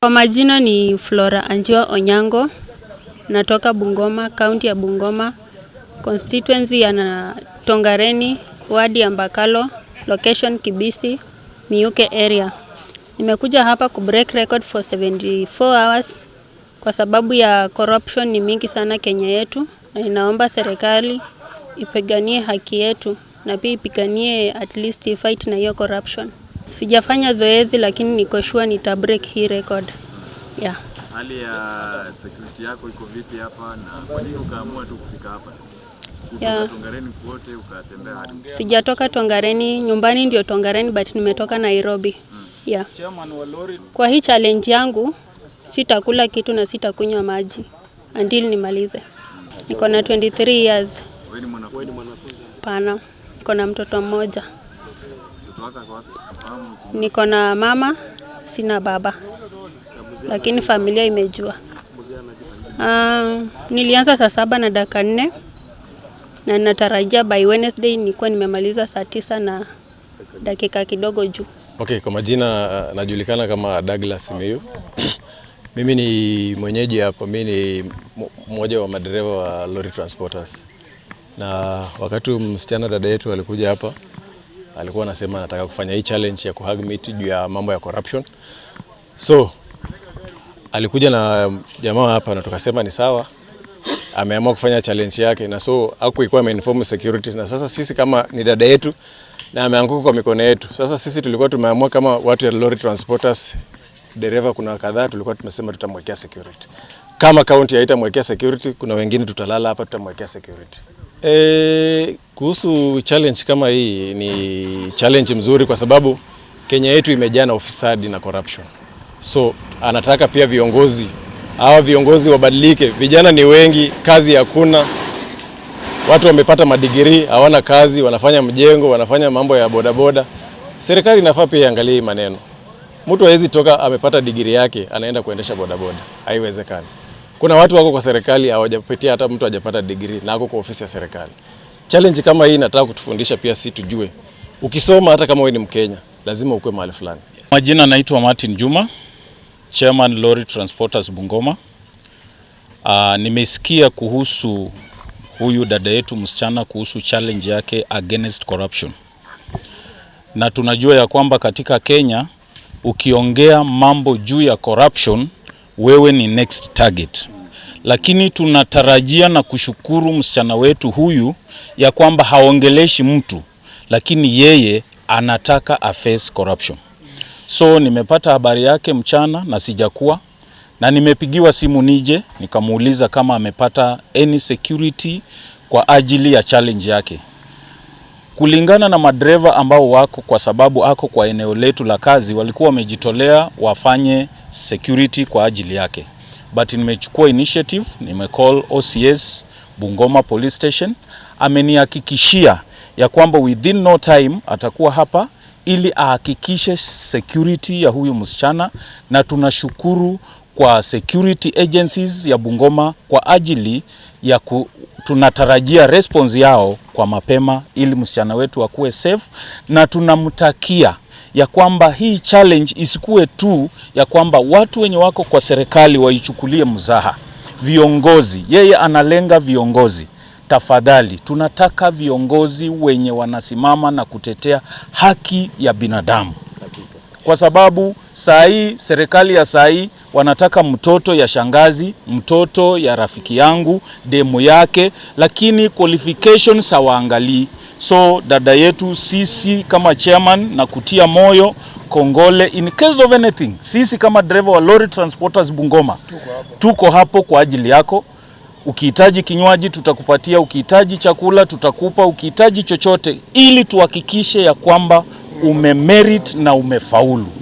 Kwa majina ni Flora Anjua Onyango, natoka Bungoma, kaunti ya Bungoma, constituency ya Tongareni, wadi ya Mbakalo, location Kibisi, Miuke area. Nimekuja hapa ku break record for 74 hours kwa sababu ya corruption ni mingi sana Kenya yetu, na inaomba serikali ipiganie haki yetu na pia ipiganie at least fight na hiyo corruption. Sijafanya zoezi lakini niko sure nita break hii record. Yeah. Hali ya security yako iko vipi hapa na kwa nini ukaamua tu kufika hapa? Yeah. Tongareni kwote ukatembea hadi. Sijatoka Tongareni, nyumbani ndio Tongareni but nimetoka Nairobi. Hmm. Yeah. Kwa hii challenge yangu sitakula kitu na sitakunywa maji until nimalize. Niko na 23 years. Wewe ni mwanafunzi? Pana niko na mtoto mmoja. Niko na mama, sina baba, lakini familia imejua. Uh, nilianza saa saba na dakika nne na natarajia by Wednesday nikuwa nimemaliza saa tisa na dakika kidogo juu. Okay, kwa majina ah, najulikana kama Douglas Miu. Mimi ni mwenyeji hapa, mimi ni mmoja wa madereva wa lorry transporters na wakati msichana dada yetu alikuja hapa, alikuwa anasema anataka kufanya hii challenge ya kuhug meet juu ya mambo ya corruption. So alikuja na jamaa hapa na tukasema ni sawa, ameamua kufanya challenge yake, na so hakuikuwa ameinform security, na sasa sisi kama ni dada yetu na ameanguka kwa mikono yetu. Sasa sisi tulikuwa tumeamua kama watu ya lorry transporters, dereva kuna kadhaa tulikuwa tumesema tutamwekea security. Kama kaunti haitamwekea security, kuna wengine tutalala hapa, tutamwekea security. E, kuhusu challenge kama hii ni challenge mzuri kwa sababu Kenya yetu imejaa na ufisadi na corruption. So anataka pia viongozi hawa viongozi wabadilike. Vijana ni wengi, kazi hakuna, watu wamepata madigiri hawana kazi, wanafanya mjengo, wanafanya mambo ya bodaboda. Serikali inafaa pia iangalie maneno. Mtu hawezi toka amepata digiri yake anaenda kuendesha bodaboda, haiwezekani. Kuna watu wako kwa serikali hawajapitia hata mtu hajapata degree na ako kwa ofisi ya serikali. Challenge kama hii nataka kutufundisha pia si tujue. Ukisoma hata kama wewe ni Mkenya, lazima ukue mahali fulani. Yes. Majina naitwa Martin Juma, Chairman Lorry Transporters Bungoma. Uh, nimesikia kuhusu huyu dada yetu msichana kuhusu challenge yake against corruption. Na tunajua ya kwamba katika Kenya ukiongea mambo juu ya corruption wewe ni next target. Lakini tunatarajia na kushukuru msichana wetu huyu ya kwamba haongeleshi mtu, lakini yeye anataka face corruption. So nimepata habari yake mchana na sijakuwa na nimepigiwa simu nije nikamuuliza kama amepata any security kwa ajili ya challenge yake. Kulingana na madereva ambao wako, kwa sababu ako kwa eneo letu la kazi, walikuwa wamejitolea wafanye security kwa ajili yake, but nimechukua initiative, nimecall OCS Bungoma Police Station, amenihakikishia ya kwamba within no time atakuwa hapa ili ahakikishe security ya huyu msichana, na tunashukuru kwa security agencies ya Bungoma kwa ajili ya ku, tunatarajia response yao kwa mapema ili msichana wetu akuwe safe na tunamtakia ya kwamba hii challenge isikuwe tu ya kwamba watu wenye wako kwa serikali waichukulie mzaha. Viongozi, yeye analenga viongozi. Tafadhali, tunataka viongozi wenye wanasimama na kutetea haki ya binadamu kwa sababu saa hii serikali ya saa hii wanataka mtoto ya shangazi, mtoto ya rafiki yangu, demu yake, lakini qualifications hawaangalii. So dada yetu sisi kama chairman na kutia moyo Kongole, in case of anything, sisi kama dereva wa lorry transporters Bungoma tuko hapo kwa ajili yako. Ukihitaji kinywaji tutakupatia, ukihitaji chakula tutakupa, ukihitaji chochote, ili tuhakikishe ya kwamba umemerit na umefaulu.